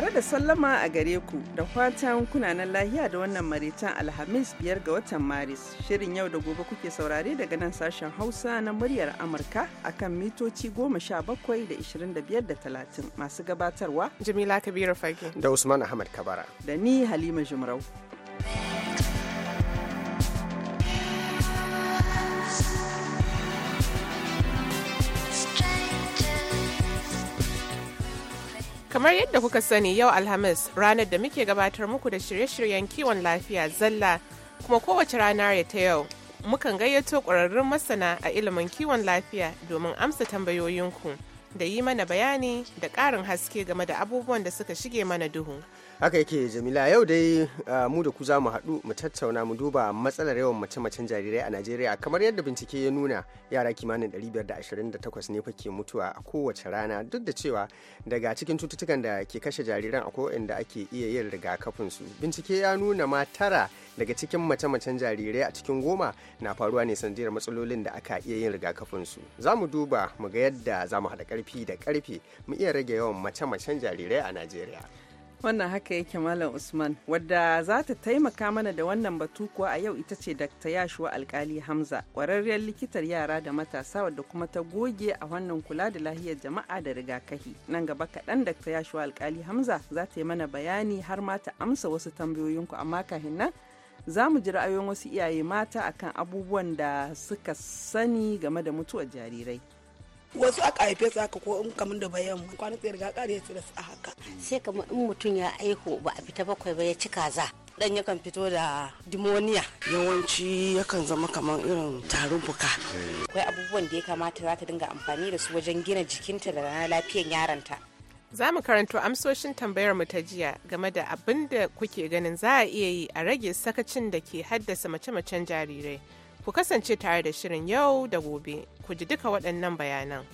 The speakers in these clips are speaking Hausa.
Tare da sallama a gare ku da fatan kunanan lahiya da wannan maritan Alhamis biyar ga watan Maris. Shirin yau da gobe kuke saurare daga nan sashen Hausa na muryar Amurka a kan mitoci goma sha bakwai da ishirin da biyar da talatin masu gabatarwa. Jamila Kabiru Fage. Da Usman Ahmad Kabara. Da ni Halima Jumrau. Kamar yadda kuka sani yau Alhamis ranar da muke gabatar muku da shirye-shiryen kiwon lafiya zalla kuma kowace rana ya ta yau mukan gayyato ƙwararrun masana a ilimin kiwon lafiya domin amsa tambayoyinku da yi mana bayani da ƙarin haske game da abubuwan da suka shige mana duhu. haka yake jamila yau dai mu da ku za mu haɗu mu tattauna mu duba matsalar yawan mace-macen jarirai a najeriya kamar yadda bincike ya nuna yara kimanin 528 ne fa ke mutuwa a kowace rana duk da cewa daga cikin cututtukan da ke kashe jariran akwai inda ake iya yin rigakafin su bincike ya nuna ma tara daga cikin mace-macen jarirai a cikin goma na faruwa ne sanadiyar matsalolin da aka iya yin rigakafin su za mu duba mu ga yadda za mu haɗa ƙarfi da ƙarfe mu iya rage yawan mace-macen jarirai a najeriya wannan haka yake malam usman wadda za ta taimaka mana da wannan batu kuwa a yau ita ce dakta yashuwa alkali hamza kwararriyar likitar yara da matasa wadda kuma ta goge a wannan kula da lahiyar jama'a da rigakafi nan gaba kaɗan dakta yashuwa alkali hamza za ta yi mana bayani har ma ta amsa wasu tambayoyinku amma kahin nan za mu ji ra'ayoyin wasu iyaye mata akan abubuwan da suka sani game da mutuwar jarirai wasu aka haife su haka ko in kamun da bayan kwana tsaye riga kare su da su a haka sai kamar in mutum ya aiko ba a fita bakwai ba ya ci kaza dan yakan fito da dimoniya yawanci yakan zama kamar irin tarin buka. akwai abubuwan da ya kamata za ta dinga amfani da su wajen gina jikinta da na lafiyar yaranta za mu karanto amsoshin tambayar mu ta jiya game da abin da kuke ganin za a iya yi a rage sakacin da ke haddasa mace-macen jarirai Ku kasance tare da shirin yau da gobe, ku ji duka waɗannan bayanan.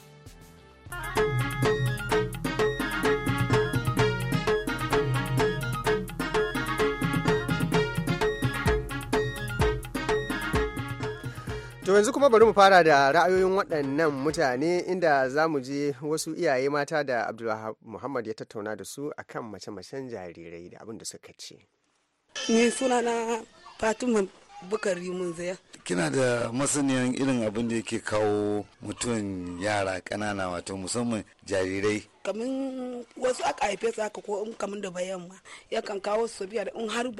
To yanzu kuma bari mu fara da ra'ayoyin waɗannan mutane inda za mu je wasu iyaye mata da Abdullahi Muhammad ya tattauna da su akan mace-macen jarirai da abin da suka ce. Ni na Fatima bukari mun zaya kina da masaniyan irin abin da yake kawo mutum yara kanana wato musamman jarirai kamin wasu aka haife su haka ko in kamin da bayan ma yakan kawo su biya da in har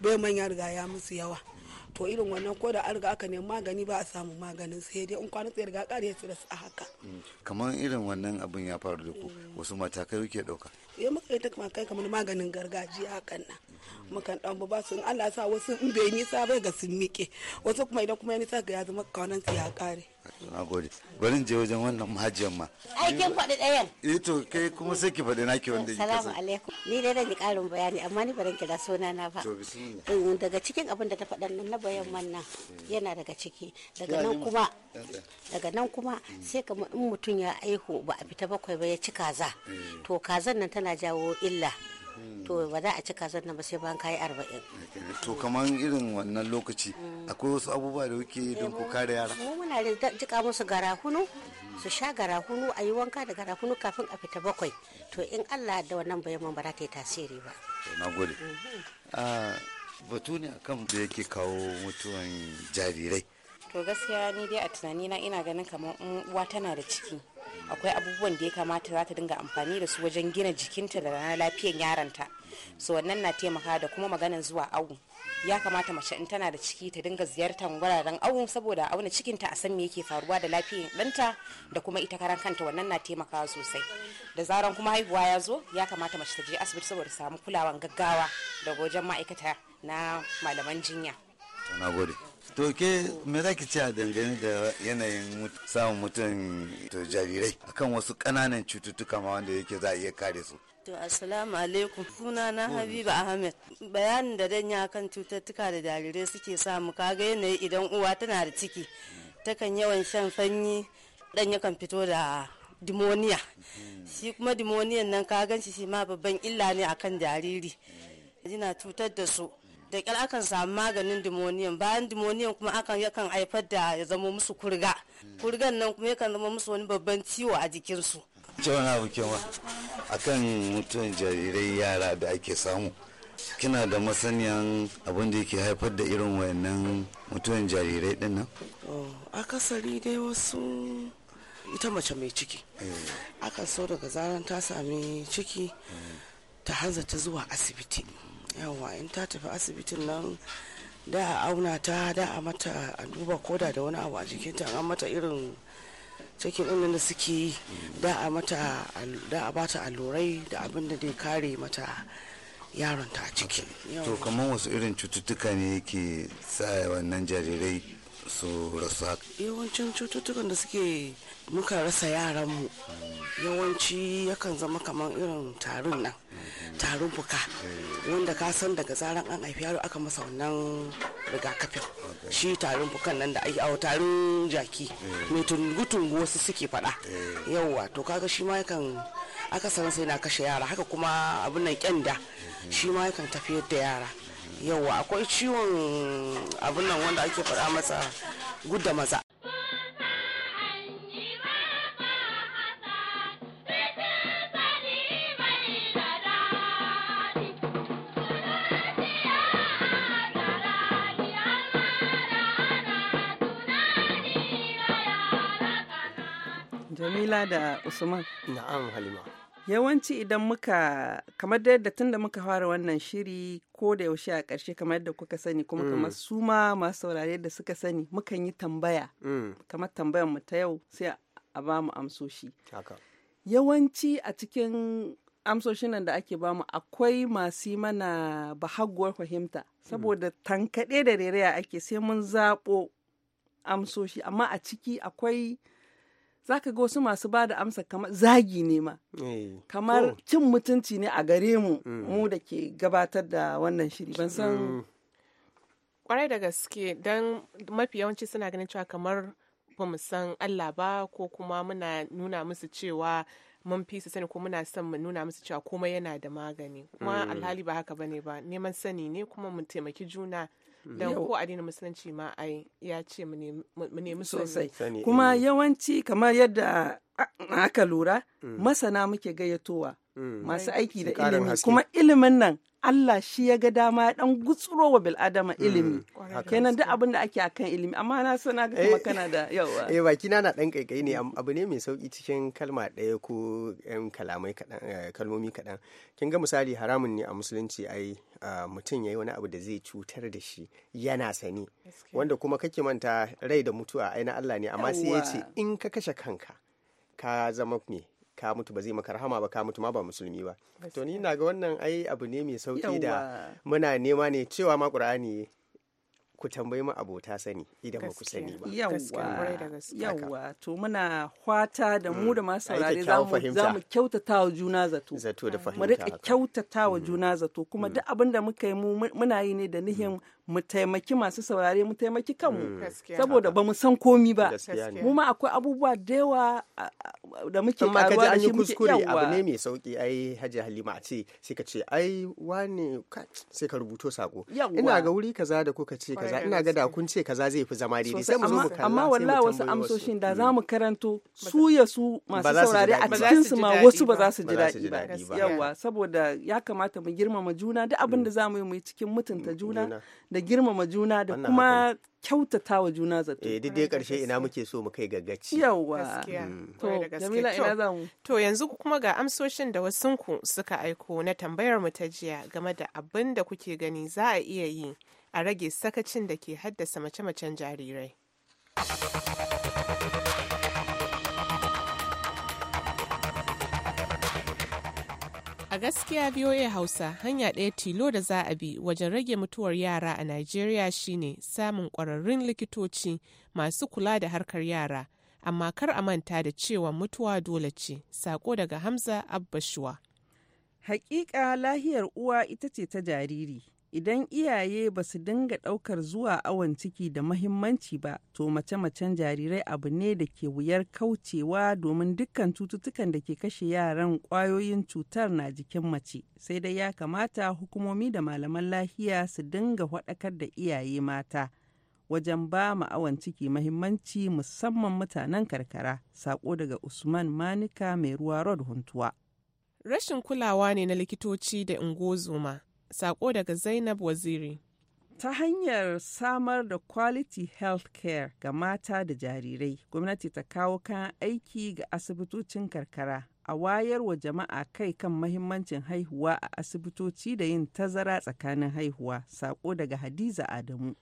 bai manya riga ya musu yawa to irin wannan ko da an riga aka nemi magani ba a samu maganin sai dai in kwana tsaye riga kare su da su a haka kamar irin wannan abin ya faru da ku mm. wasu matakai kuke ɗauka ya maka yi duk kai kamar maganin gargajiya kan nan mukan dan ba su Allah sa wasu in bai nisa bai ga sun miƙe wasu kuma idan kuma ya nisa ga ya zama kaunan su ya kare na gode bari je wajen wannan mahajiyar ma aikin faɗi ɗayan eh to kai kuma sai ki faɗi naki wanda ya salamu alaikum ni dai zan yi ƙarin bayani amma ni baran kira sona na ba to bismillah eh, daga cikin abin da ta faɗa nan na bayan wannan yana daga ciki daga nan kuma daga nan kuma sai kamar in mutum ya aihu ba a fita bakwai ba ya ci kaza eh. to kazan nan tana tana jawo illa hmm. to ba za a ci kasuwar nan ba sai bayan kayi arba'in to kamar irin wannan lokaci hmm. akwai wasu abubuwa da kuke don ku eh, kare yara mu muna jika musu garahunu su sha garahunu a yi wanka da garahunu kafin a fita bakwai to in Allah da wannan bayan ba za ta yi tasiri ba na gode hmm. ah, batu ne akan da yake kawo mutuwan jarirai to gaskiya ni dai a tunani na ina ganin kamar uwa tana da ciki akwai abubuwan da ya kamata za ta dinga amfani da su wajen gina jikinta da na lafiyan yaranta so wannan na taimaka da kuma maganan zuwa awu ya kamata mace in tana da ciki ta dinga ziyartar wuraren awu saboda auna cikinta a san me yake faruwa da lafiyan ɗanta da kuma ita karan kanta wannan na taimakawa sosai da zaran kuma haihuwa ya zo ya kamata mace ta je asibiti saboda samu kulawan gaggawa daga wajen ma'aikata na malaman jinya. Na gode. to ke me za ki a dangane da yanayin samun mutum to jarirai akan wasu ƙananan cututtuka ma wanda yake za a iya kare su To assalamu alaikum suna na mm. Habiba Ahmed bayanin da dan ya kan cututtuka da jarirai suke samu kaga yanayi idan uwa tana da ciki takan yawan shan sanyi dan yakan fito da dimoniya mm. shi kuma dimoniyan nan ka gan shi shi ma babban illa ne akan jariri yana cutar da su da kyal akan samu maganin dimoniyan bayan dimoniyan kuma akan yakan haifar da ya zama musu kurga kurgan nan kuma yakan zama musu wani babban ciwo a jikinsu jawon abu kewa akan mutuwan jarirai yara da ake samu kina da masaniyan abin da yake haifar da irin wayannan mutuwan jarirai din nan oh, akasari dai wasu ita mace mai ciki eh. akan so daga zaran ta sami ciki ta hanzarta zuwa asibiti yawa in ta tafi asibitin nan da a auna ta da a mata a duba koda da wani abu a jikinta an mata irin cikin inda da suke da a mata da a bata allurai da abin da dai kare mata yaron ta ciki to kamar wasu irin cututtuka ne yake sa wannan jarirai su rasu yawancin cututtukan da suke muka rasa yaranmu yawanci yakan zama kamar irin tarin nan tarin fuka wanda ka san daga zaran an haifi yaro aka masa wannan rigakafin shi tarin fukan nan da ake a tarin jaki mai tungu wasu suke faɗa yauwa to kaga shi ma yakan san sai na kashe yara haka kuma abin nan kyanda shi ma yakan tafiyar da yara yawa akwai ciwon abin nan wanda ake faɗa masa gudda maza Jamila da Usman. Na'am Halima. Yawanci idan muka kamar da yadda tun da muka fara wannan shiri ko da yaushe a ƙarshe kamar yadda kuka sani kuma mm. kamar su ma masu saurare da suka sani mukan yi tambaya mm. kamar tambayar mu ta yau sai a ba mu amsoshi yawanci a cikin amsoshin nan da ake bamu akwai masu mana bahaguwar fahimta mm. saboda tankaɗe da rere ake sai mun zaɓo amsoshi amma a ciki akwai za ka ga wasu masu ba da amsa kamar zagi ne ma eh. kamar cin mutunci ne a gare mu mm. mu da ke gabatar da wannan shiri ban san mm. kwarai da gaske don mafi yawanci suna ganin cewa kamar ba mu san Allah ba ko kuma muna nuna musu cewa mun fi su sani ko muna son mu nuna musu cewa komai yana da magani kuma mm. alhali ba haka bane ba neman sani ne kuma mu taimaki juna da ko addinin musulunci ma ai ya ce mu nemi sosai kuma eh. yawanci kamar yadda aka lura mm. masana muke gayyatowa mm. masu aiki da ilimi kuma ilimin nan Allah shi ya ga dama ya dan gutsuro wa bil'adama mm, ilimi kenan duk abin da ake akan ilimi amma na so ga kuma eh, kana da yawa eh baki na na dan kaikai ne abu ne mai sauki cikin kalma ɗaya ko yan kalamai kaɗan eh, kalmomi kaɗan kin ga misali haramun ne a musulunci ai mutum yayi wani abu da zai cutar da shi yana sani wanda kuma kake manta rai da mutuwa ai na Allah ne amma sai ya ce in ka kashe kanka ka zama ne ka mutu ba zai maka rahama ba ka mutu ma ba musulmi ba to ni na ga wannan ai abu ne mai sauki da muna nema ne cewa ma qur'ani ku tambayi mu abota sani idan ba ku sani ba yawwa yawwa to muna hwata da mu mm. da ma saurare za mu kyautata wa juna zato zato da fahimta mu rika kyautata wa mm. juna zato kuma mm. duk abin da muka yi mu muna yi ne da nihin mu taimaki masu saurare mu taimaki kanmu mm. saboda ba mu san komi ba mu ma akwai abubuwa da yawa da muke karuwa da shi muke kuskure abu ne mai sauki ai Hajji Halima a ce sai ka ce ai wani sai ka rubuto sako ina ga wuri kaza da kuka ce kaza ina ga da kun ce kaza zai fi zama daidai sai mu zo mu kalla amma wallahi wasu amsoshin da mm. zamu karanto su ya su masu saurare a cikin su ma wasu ba za su ji daɗi ba yawa saboda ya kamata mu girmama juna duk abin mm. da zamu yi mu yi cikin mutunta juna da girmama juna da kuma kyautata wa juna zato. Eh duk dai karshe ina muke so mu kai gaggaci. Yawwa. Mm. To Jamila ina za mu. To yanzu kuma ga amsoshin da wasunku suka aiko na tambayar mu ta jiya game da abin da kuke gani za a iya yi a rage sakacin da ke haddasa mace-macen jarirai. gaskiya VOA Hausa hanya ɗaya tilo da za a bi wajen rage mutuwar yara a Najeriya shine samun ƙwararrun likitoci masu kula da harkar yara, amma kar a manta da cewa mutuwa dole ce, sako daga Hamza Abbashuwa. Hakika lahiyar uwa ita ce ta jariri, idan iyaye ba su dinga daukar zuwa awon ciki da mahimmanci ba to mace-macen jarirai abu ne da ke wuyar kaucewa domin dukkan cututtukan da ke kashe yaran kwayoyin cutar na jikin mace sai dai ya kamata hukumomi da malaman lahiya su dinga faɗakar da iyaye mata wajen ba mu awon ciki mahimmanci musamman mutanen karkara sako daga usman manika mai ruwa rod huntuwa rashin kulawa ne na likitoci da ungozoma Sako daga Zainab Waziri. ta hanyar samar da quality health care ga mata da jarirai gwamnati ta kawo kayan aiki ga asibitocin karkara a wayar wa jama'a kai kan mahimmancin haihuwa a asibitoci da yin tazara tsakanin haihuwa sako daga hadiza adamu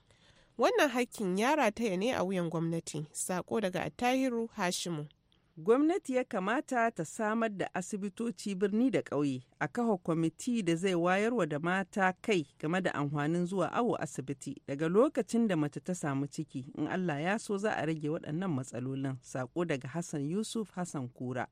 wannan hakkin ya rataya ne a wuyan gwamnati sako daga attahiru hashimu Gwamnati ya kamata ta samar da asibitoci birni da ƙauye, a kafa kwamiti da zai wayar wa da mata kai game da amfanin zuwa awo asibiti daga lokacin da mace ta samu ciki, in Allah ya so za a rage waɗannan matsalolin. Sako daga Hassan Yusuf Hassan Kura.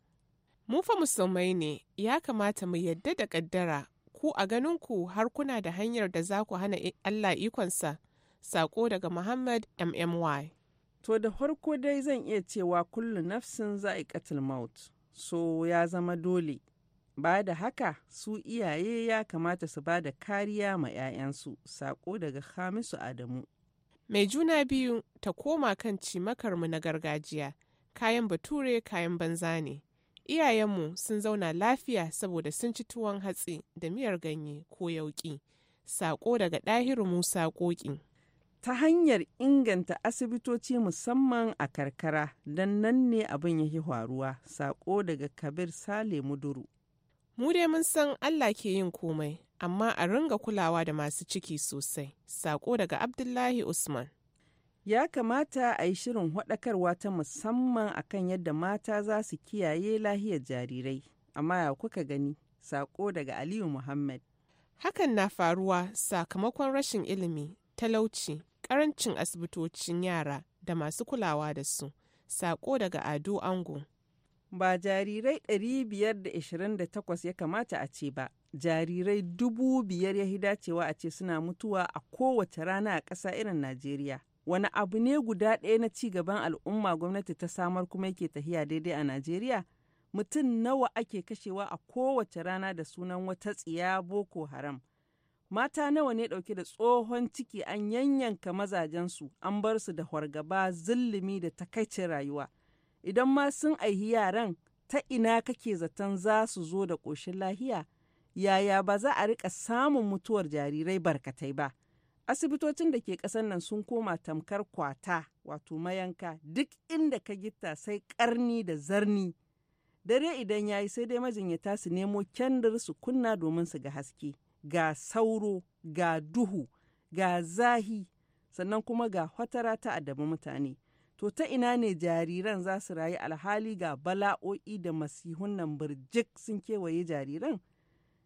Mu fa musulmai ne, ya kamata mu yadda da ƙaddara, ku a ganin ku har kuna da hanyar da za ku hana Allah ikonsa. Sako daga Muhammad MMY. To da farko dai zan iya cewa kullu nafsin za'iqatul maut. So ya zama dole. Ba da haka su iyaye ya kamata su ba da kariya ma 'ya'yansu, sako daga Hamisu Adamu. Mai juna biyu ta koma kan cimakarmu na gargajiya, kayan bature kayan banza ne. Iyayenmu sun zauna lafiya saboda sun ci tuwon hatsi da miyar ganye ko yauƙi, sako daga ɗahiru Musa Ƙoƙi. ta hanyar inganta asibitoci musamman a karkara don nan ne abin ya faruwa sako daga kabir sale muduru mu dai mun san allah ke yin komai amma a ringa kulawa da masu ciki sosai sako daga abdullahi usman ya kamata a yi shirin haɗakarwa ta musamman a kan yadda mata za su kiyaye lahiyar jarirai amma ya kuka gani sako daga aliyu muhammad hakan na faruwa sakamakon rashin ilimi talauci karancin asibitocin yara da masu kulawa da su. Sako daga Ado Ango. Ba jarirai 528 ya kamata a ce ba, jarirai dubu biyar ya dacewa a ce suna mutuwa a kowace rana a ƙasa irin Najeriya. Wani abu ne guda ɗaya na ci gaban al'umma gwamnati ta samar kuma yake tahiya daidai a Najeriya? Mutum nawa ake kashewa a kowace rana da sunan wata tsiya Boko Haram. Mata nawa ne ɗauke da tsohon ciki an yanyanka mazajensu an bar su da hargaba zullumi da takaicin rayuwa. Idan ma sun aihi yaran ta ina kake zaton za su zo da ƙoshin lahiya? Yaya ba za a riƙa samun mutuwar jarirai barkatai ba? Asibitocin da ke ƙasan nan sun koma tamkar kwata wato mayanka duk inda ka gitta sai ƙarni da zarni. Dare idan ya yi sai dai majinyata su nemo kyandir su kunna domin su ga haske. ga sauro ga duhu ga zahi sannan kuma ga hotara ta addabi mutane to ta ina ne jariran za su rayu alhali ga bala'o'i da masihun nan birjik sun kewaye jariran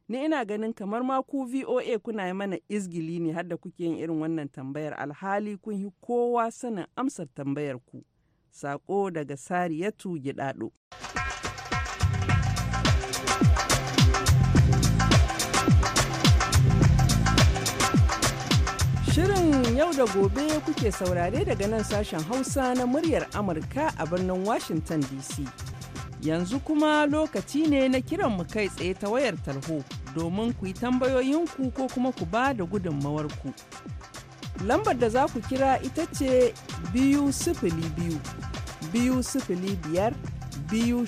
ni ina ganin kamar ma ku voa kuna mana izgili ne har da kuke yin irin wannan tambayar alhali kun yi kowa sanin amsar tambayar ku sako daga sariyatu gidado. Yau da gobe kuke saurare daga nan sashen Hausa na muryar Amurka a birnin Washington DC. Yanzu kuma lokaci ne na kiran mu kai tsaye ta wayar tarho domin ku yi tambayoyinku ko kuma ku ba da ku Lambar da za ku kira ita ce biyu sifili biyu, biyu sifili biyar, biyu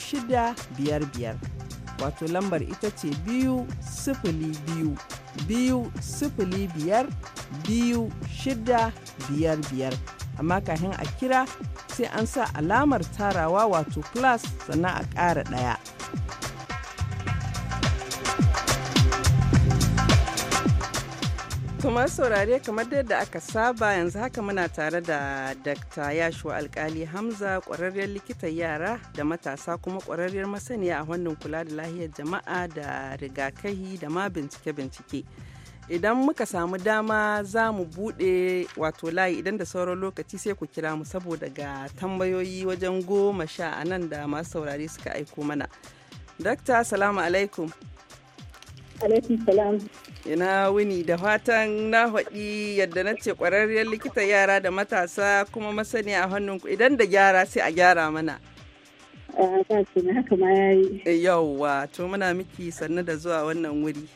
Wato lambar ita ce biyu sifili biyu. biyu sifili biyar biyu shida biyar biyar amma kafin a kira sai an sa alamar tarawa wato plus sannan a ƙara ɗaya. To masu saurare kamar yadda aka saba yanzu haka muna tare da Dr. Yashua Alkali Hamza kwararriyar likitan yara da matasa kuma kwararriyar masaniya a wannan kula da lahiyar jama'a da rigakahi da ma bincike-bincike. Idan muka samu dama za mu buɗe wato layi idan da sauran lokaci sai ku kira mu saboda ga tambayoyi wajen goma sha a nan da masu saurare suka aiko mana. Dakta, salamu alaikum. Alaikum salam. ina wuni da fatan na haɗi yadda na ce ƙwararriyar likita yara da matasa kuma masani a hannunku idan da gyara sai a gyara mana eh, eh, yauwa to muna miki sannu da zuwa wannan wuri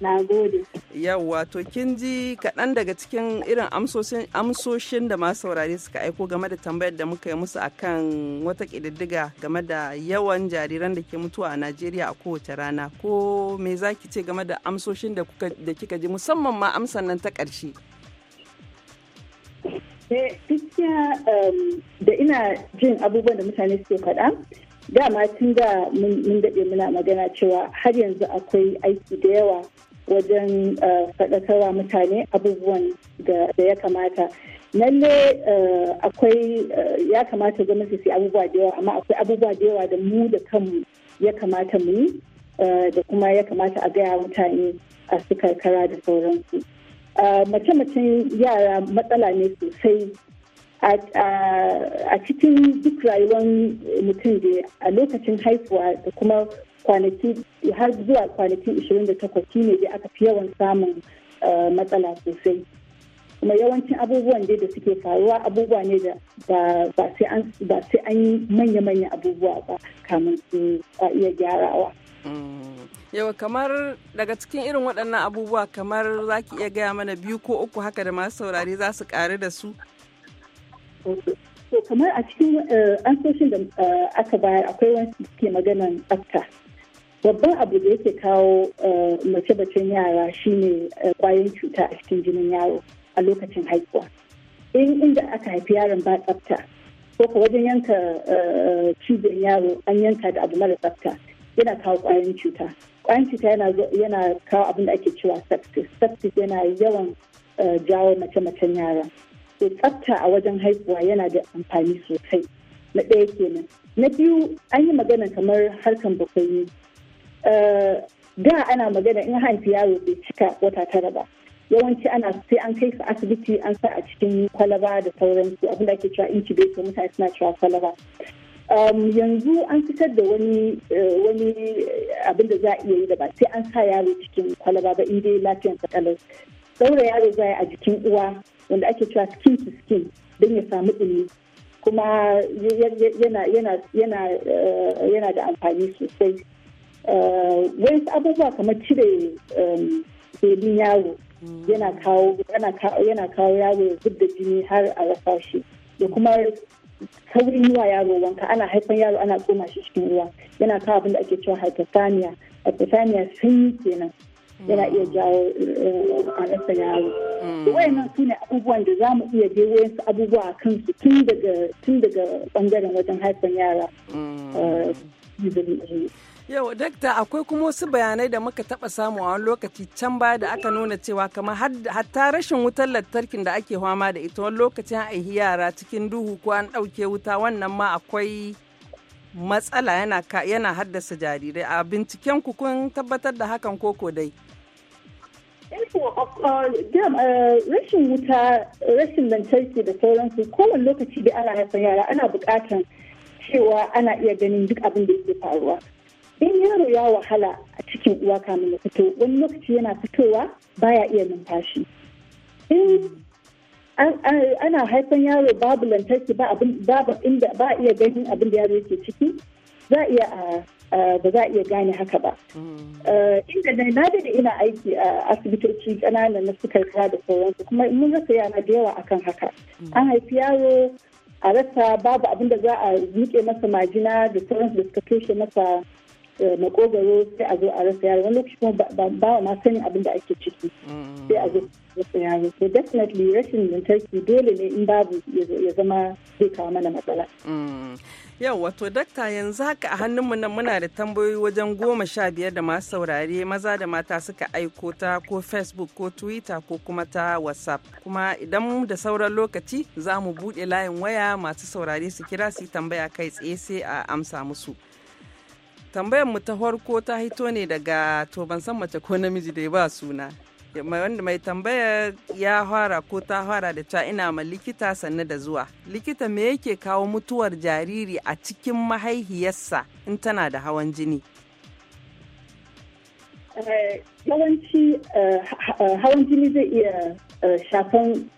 Na gode. Yawwa to kin ji kaɗan daga cikin irin amsoshin da masu saurare suka aiko game da tambayar da muka yi musu akan wata ƙididdiga game da yawan jariran da ke mutuwa a Najeriya a kowace rana. Ko me za ki ce game da amsoshin da kika ji musamman ma amsan nan ta ƙarshe? Eh, um, da ina jin abubuwan da mutane suke faɗa dama tun da mun daɗe muna magana cewa har yanzu akwai aiki da yawa wajen eh, faɗakarwa mutane abubuwan da ya kamata lalle eh, akwai eh, ya kamata gwamnati su abubuwa da yawa amma akwai abubuwa da yawa da mu da kanmu ya kamata mu yi da kuma ya kamata a gaya mutane a su karkara da sauransu mace-macen yara matsala ne sosai a cikin duk rayuwar mutum da a lokacin haifuwa da kuma kwanaki har zuwa kwanaki 28 shine da aka fi yawan samun eh, matsala sosai kuma yawancin abubuwan da suke faruwa abubuwa ne da ba sai an yi manya-manya abubuwa ba kamun su iya gyarawa. Mm. Yawa kamar daga cikin irin waɗannan abubuwa kamar za ki iya gaya mana biyu ko uku haka da masu saurare za su ƙari da su? kamar a cikin eh, ansoshin da eh, aka bayar akwai wani suke maganan tsafta. babban abu da yake kawo eh, mace-bacin yara shine kwayoyin eh, cuta a cikin jinin yaro a lokacin haihuwa in inda aka haifi yaron ba tsafta ko ka wajen yanka eh, cibiyar yaro an yanka da abu mara tsafta yana kawo kwayoyin cuta kwayoyin cuta yana kawo abin da ake cewa sepsis sepsis yana yawan jawo mace-macen yara to tsafta a wajen haihuwa yana da amfani sosai na ɗaya kenan na biyu an yi magana kamar harkan bakwai Eh, da ana magana in haifi yaro bai cika wata tara ba yawanci ana sai an kai su asibiti an sa a cikin kwalaba da sauransu abin da ake cewa ce mutane suna cewa kwalaba um, yanzu an fitar da wani eh, wani eh, abin da za a iya yi da ba sai an sa yaro cikin kwalaba ba inda lafiyan sa kalar daura yaro za a jikin uwa wanda ake cewa skin to skin don ya samu ɗumi kuma yana da amfani sosai Eh, wani abubuwa kamar cire belin yaro yana kawo yaro zub da jini har a rasa shi da kuma saurin yi wa yaro wanka ana haifan yaro ana tsoma shi cikin ruwa yana kawo abin ake cewa hypothermia hypothermia sun yi kenan yana iya jawo eh, rasa yaro hmm. wayannan su ne abubuwan da za mu iya je wayansu abubuwa a kansu tun daga tun daga bangaren wajen haifan yara hmm. eh, Yau, dakta akwai kuma wasu bayanai da muka taba samu a wani lokaci can baya da aka nuna cewa kamar hatta rashin wutar lantarkin da ake fama da ita wani lokacin an aihi yara cikin duhu ko an ɗauke wuta wannan ma akwai matsala yana, haddasa jarirai. A binciken ku kun tabbatar da hakan koko dai. Eh, uh, uh, rashin wuta, rashin lantarki da sauransu kowane lokaci da ana haifar yara ana buƙatar cewa ana iya ganin duk abin da yake faruwa. in yaro ya wahala a cikin uwa kamun ya fito wani lokaci yana fitowa baya iya numfashi in ana haifan yaro babu lantarki ba inda ba iya ganin abin da yaro yake ciki za iya ba za iya gane haka ba mm. eh, inda na na da ina aiki a asibitoci ƙananan na suka da sauransu kuma mun rasa yana da yawa akan haka mm. an haifi yaro a rasa babu abin da za a rike masa majina da sauransu da suka toshe masa makogaro sai a zo a rasa yaro wani lokaci kuma ba wa ma sanin abin da ake ciki sai a zo rasa yaro so definitely rashin lantarki dole ne in babu ya zama zai kawo mana matsala mm. yau wato dakta yanzu haka a hannunmu nan muna da tambayoyi wajen goma sha biyar da masu saurare maza da mata suka aiko ta ko facebook ko twitter ko kuma ta whatsapp kuma idan da sauran lokaci za mu buɗe layin waya masu saurare su kira su tambaya kai tsaye sai a amsa musu tambayar mu ta farko ta hito ne daga to ban san mace ko namiji da ya ba suna wanda mai tambaya ya fara ko ta fara da ta ina ma likita sannu da zuwa likita me yake kawo mutuwar jariri a cikin mahaihiyarsa in tana da hawan jini eh, yawanci eh, eh, hawan jini zai iya shafan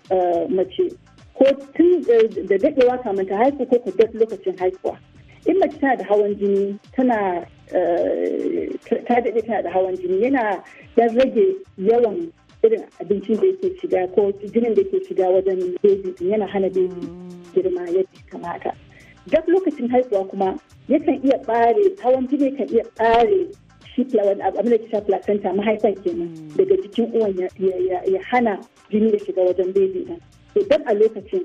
mace ko tun da daɗewa kamar ta haihu ko ku lokacin haihuwa in mace tana da hawan jini tana eh, ta daɗe tana da hawan jini yana dan rage yawan irin abincin da yake shiga ko jinin da yake shiga wajen bebi yana hana bebi girma yadda kamata duk lokacin haihuwa kuma yakan iya ɓare hawan jini kan iya ɓare shi abin da ke placenta mahaifan kenan daga jikin uwan ya hana jini ya shiga wajen bebi ɗin idan a lokacin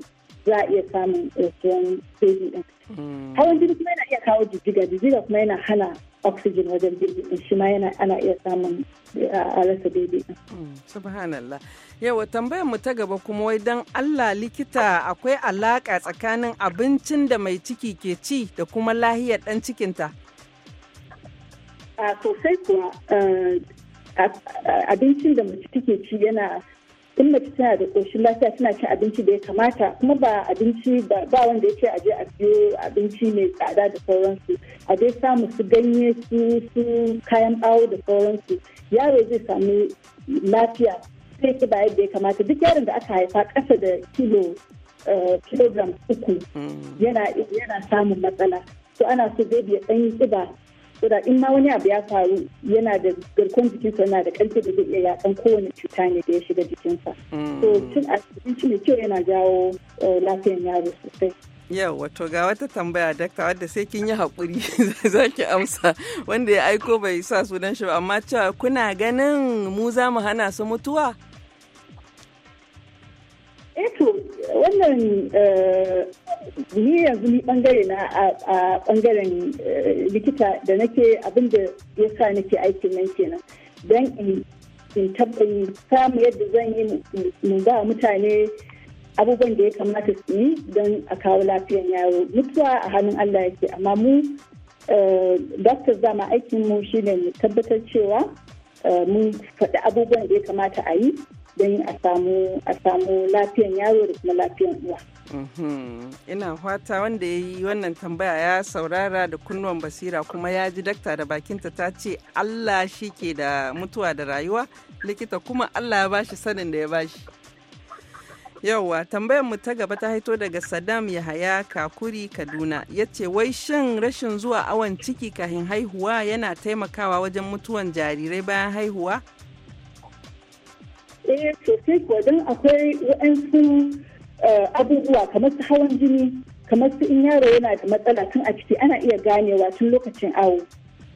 za a iya samun rasuwan baby ɗin. Hmm. hawan jini kuma yana iya kawo jijjiga jijjiga kuma yana hana oxygen wajen baby ɗin, shi ma yana ana iya samun eh, a rasa baby ɗin. Hmm. subhanallah yawa tambayar mu ta gaba kuma wai dan Allah likita akwai alaƙa tsakanin abincin da mai ciki ke ci da kuma lahiyar dan cikinta a sosai kuwa eh, abincin da ciki ke ci yana in mace tana da ƙoshin lafiya tana cin abinci da ya kamata kuma ba abinci ba wanda ya ce a je a siyo abinci mai tsada da sauransu a dai samu su ganye su su kayan bawo da sauransu yaro zai samu lafiya sai ki ba yadda ya kamata duk yaron da aka haifa ƙasa da kilo eh, kilogram uku mm. yana samun matsala to ana so zai ya ɗan yi ƙiba saboda in ma wani abu ya faru yana da garkon jikinsa yana da karfi da zai iya yakan kowane cuta ne da ya shiga jikinsa mm. so cin abinci mai kyau yana jawo eh, lafiyan yaro sosai yau wato ga wata tambaya dakta wadda sai kin yi haƙuri za ki amsa wanda ya aiko bai sa sunan shi ba amma cewa kuna ganin mu za mu hana su mutuwa eto eh wannan eh, ni yanzu ni bangare na a bangaren eh, likita da nake abinda ya sa nake aikin nan kenan don in tabbayi samu yadda zan yi mu ba mutane abubuwan da ya kamata su yi don a kawo lafiyan yaro mutuwa a hannun allah yake amma mu doctors zama aikin mu shine mu tabbatar cewa mun faɗi abubuwan da ya kamata a yi don a samu lafiyan yaro da kuma lafiyan uwa. Mhm. Ina fata wanda ya yi wannan tambaya ya saurara da kunnuwan basira kuma ya ji dakta da bakinta ta ce Allah shi ke da mutuwa da rayuwa likita kuma Allah ya bashi sanin da ya bashi. Yauwa tambayar mu ta gaba ta haito daga Saddam Yahaya Kakuri Kaduna ya ce wai shin rashin zuwa awon ciki kahin haihuwa yana taimakawa wajen mutuwan jarirai bayan haihuwa? eh sosai kuwa don akwai waɗansu eh, abubuwa kamar su hawan jini kamar su in yaro yana da matsala tun a ciki ana iya ganewa tun lokacin awo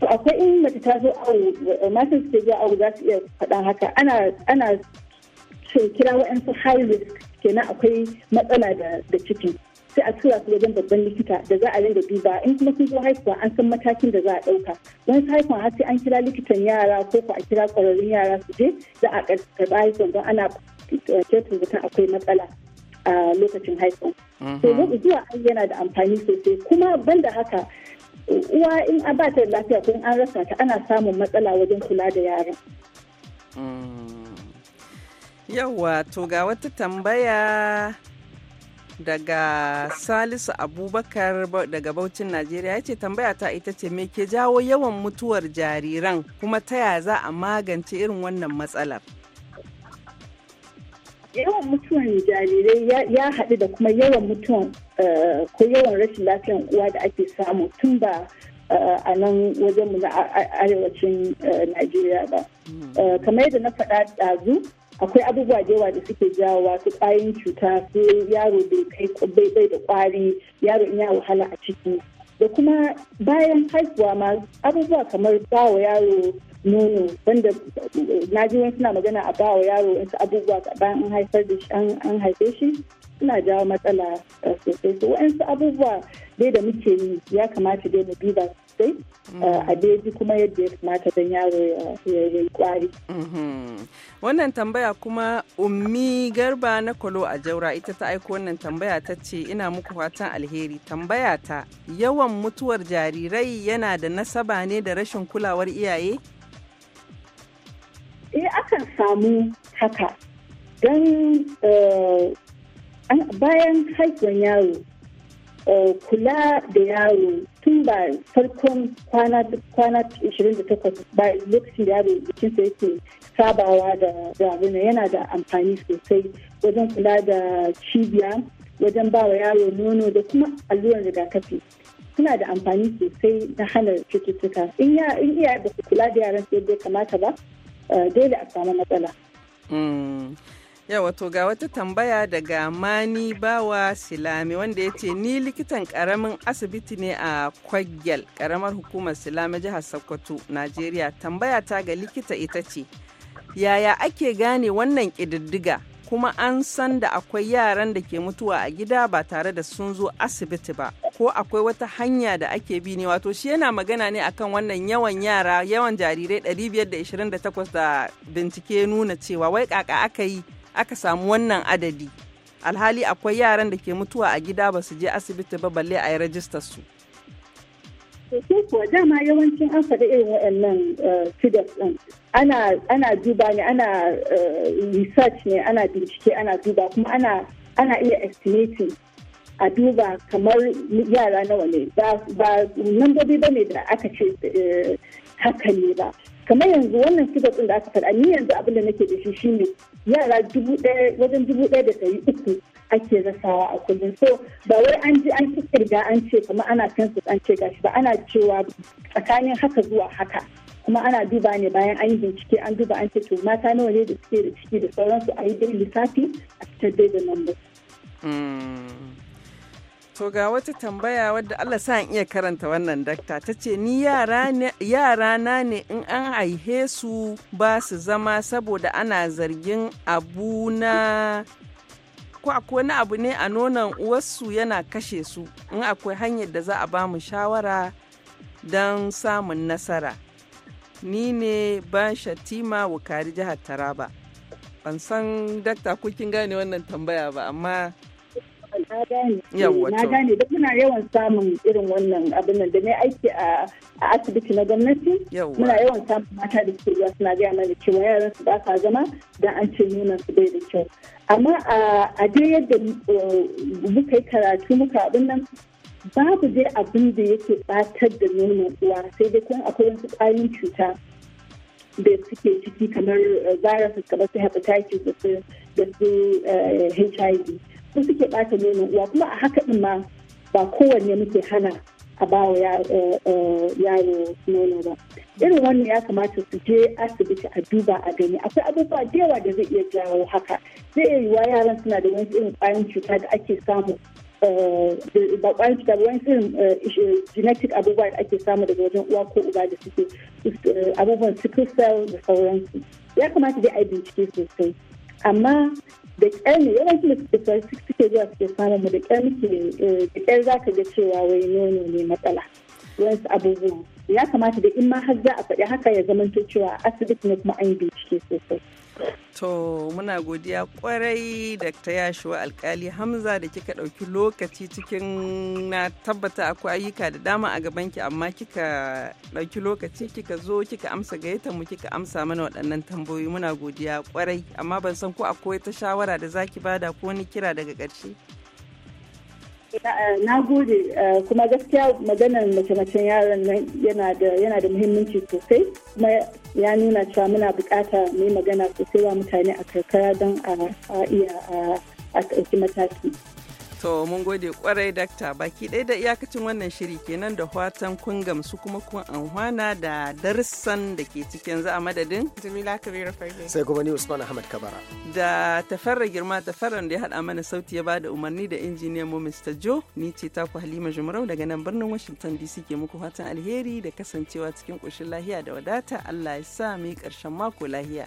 to akwai in mace ta zo awo eh, matan suke zuwa awo za su iya faɗa haka ana ana kira waɗansu high risk kenan akwai matsala da ciki sai a tura su wajen babban likita da za a rinda duba in kuma sun zo haihuwa an san matakin da za a ɗauka wani haihuwa har sai an kira likitan yara ko ko a kira ƙwararrun yara su je za a karɓa haihuwa don ana eh, ketun zaton akwai matsala a lokacin haihuwa. to mhm. zuwa yana da amfani sosai kuma banda haka uwa in a ba ta lafiya ko in an rasa ta ana samun matsala wajen kula da yaran. Mm. Yawwa to ga wata tambaya daga salisu abubakar daga baucin najeriya ya ce tambaya ta ita ce me ke jawo yawan mutuwar jariran kuma ta ya za a magance irin wannan matsalar yawan mutuwan jarirai ya haɗu da kuma yawan mutuwan eh, ko yawan rashin lafiyar uwa da ake samu tun ba eh, a nan wajenmu na arewacin eh, najeriya ba hmm. kamar yadda na faɗa ɗazu akwai abubuwa da yawa da suke jawo su kwayoyin cuta su yaro bai kai bai da kwari yaro in ya wahala a ciki da kuma bayan haihuwa ma abubuwa kamar bawa yaro nono wanda na ji wani suna magana a bawa yaro wasu abubuwa bayan an haifar da shi an haife shi suna jawo matsala eh, sosai su abubuwa dai da muke yi ya kamata dai mu duba sosai mm-hmm. uh, a beji kuma yadda ya kamata don yaro ya yi kwari. Mm-hmm. Wannan tambaya kuma ummi garba na kwalo a jaura ita ta aiko wannan tambaya ta ce ina muku fatan alheri tambaya ta yawan mutuwar jarirai yana da nasaba ne da rashin kulawar iyaye? Eh akan samu haka don eh, bayan haihuwar yaro Eh, kula da yaro tun ba farkon kwana 28 ba lokacin da yaro sa yake sabawa da abin yana da amfani sosai wajen kula da cibiya wajen ba wa yaro nono da kuma alluran rigakafi suna da amfani sosai na hana cututtuka in iya ba su kula da yaran su yadda ya kamata ba eh, dole a samu matsala. Hmm. Yau wato ga wata tambaya daga Mani Bawa Silame wanda ya ce ni likitan karamin asibiti ne a Kwagyal, karamar hukumar silami jihar Sokoto, Najeriya. Tambaya ta ga likita ita ce, yaya ake gane wannan ƙididdiga kuma an san da akwai yaran da ke mutuwa a gida ba tare da sun zo asibiti ba ko akwai wata hanya da ake bi ne wato shi yana magana ne akan wannan yawan yara yawan jarirai 528 da bincike nuna cewa wai kaka aka yi aka samu wannan adadi alhali akwai yaran da ke mutuwa a gida ba su je asibiti ba balle a yi rajistar su. sosai kuwa dama yawancin an irin waɗannan eh, ɗin ana duba ne ana eh, research ne ana bincike ana duba kuma ana iya estimating a duba kamar yara nawa ne ba lambobi ba ne da aka ce eh, haka ne ba kamar yanzu wannan shigar ɗin da aka faɗa ni yanzu abin da nake da shi shine yara dubu ɗaya wajen dubu ɗaya da ɗari uku ake rasawa a kullum so ba wai an ji an kirga an ce kuma ana census an ce gashi ba ana cewa tsakanin haka zuwa haka kuma ana duba ne bayan an yi bincike an duba an ce to mata nawa ne da suke da ciki da sauransu a yi dai lissafi a fitar dai da nan To ga wata tambaya wadda Allah sa an iya karanta wannan dakta ta ce ni yara na ne in an haihe su ba su zama saboda ana zargin abu na ko akwai abu ne a nonon uwarsu yana kashe su in akwai hanyar da za a ba mu shawara don samun nasara. Ni ne ban shatima wukari jihar Taraba. Ban san dakta kukin gane wannan tambaya ba amma na gane na gane duk muna yawan samun irin wannan abin nan da ne aiki a asibiti na gwamnati muna yawan samun mata da ke zuwa suna gaya mana cewa yaran su ba sa zama dan an ce nuna su bai da kyau amma a dai yadda muka yi karatu muka abin nan babu dai abin da yake batar da nonon uwa sai dai kuma akwai wasu ƙwayoyin cuta da suke ciki kamar eh, virus kamar su hepatitis da su hiv eh, su suke ɓata nono uwa kuma a haka ɗin ma ba kowanne muke hana a bawa eh, eh, yaro nono ba irin wannan ya kamata su je asibiti a duba a gani akwai abubuwa da yawa da zai iya jawo haka zai iya yiwuwa yaran suna da wani irin cuta da ake samu eh, ba kwayan cuta ba wani irin genetic abubuwa da ake samu daga wajen uwa ko uba da suke abubuwan sickle cell da sauransu ya kamata dai a yi bincike sosai amma da ƙyar ne yawanci littattafai suke zuwa suke samun mu da kyan ke eh, da kyan za ka ga cewa wai nono ne matsala wasu abubuwa ya kamata da in ma har za a faɗi haka ya zamanto cewa asibiti ne kuma an yi bincike sosai. To muna godiya kwarai Dr. Yashuwa Alkali Hamza da kika ɗauki lokaci cikin na tabbata akwai ayyuka da dama a ki amma kika ɗauki lokaci kika zo kika amsa gayyatar mu kika amsa mana waɗannan tambayoyi muna godiya kwarai amma ban san ko akwai ta shawara da zaki bada ko ni kira daga ƙarshe. Eh, na gode eh, kuma gaskiya maganar mace-macen yaron nan yana da muhimmanci sosai kuma ya nuna cewa muna bukata mai magana sosai wa mutane a karkara don a iya a ɗauki mataki. To mun gode kwarai dakta baki ɗaya da iyakacin wannan shiri kenan da fatan kun gamsu kuma kun anhwana da darussan da ke cikin za a madadin. Jamila Kabiru Fage. Sai kuma ni Usman Ahmad Kabara. Da tafarra girma tafarran da ya haɗa mana sauti ya bada umarni da injiniyan mu Mr. Joe ni ce taku Halima Jumrau daga nan birnin Washington DC ke muku fatan alheri da kasancewa cikin ƙoshin lahiya da wadata Allah ya sa mu ƙarshen mako lahiya.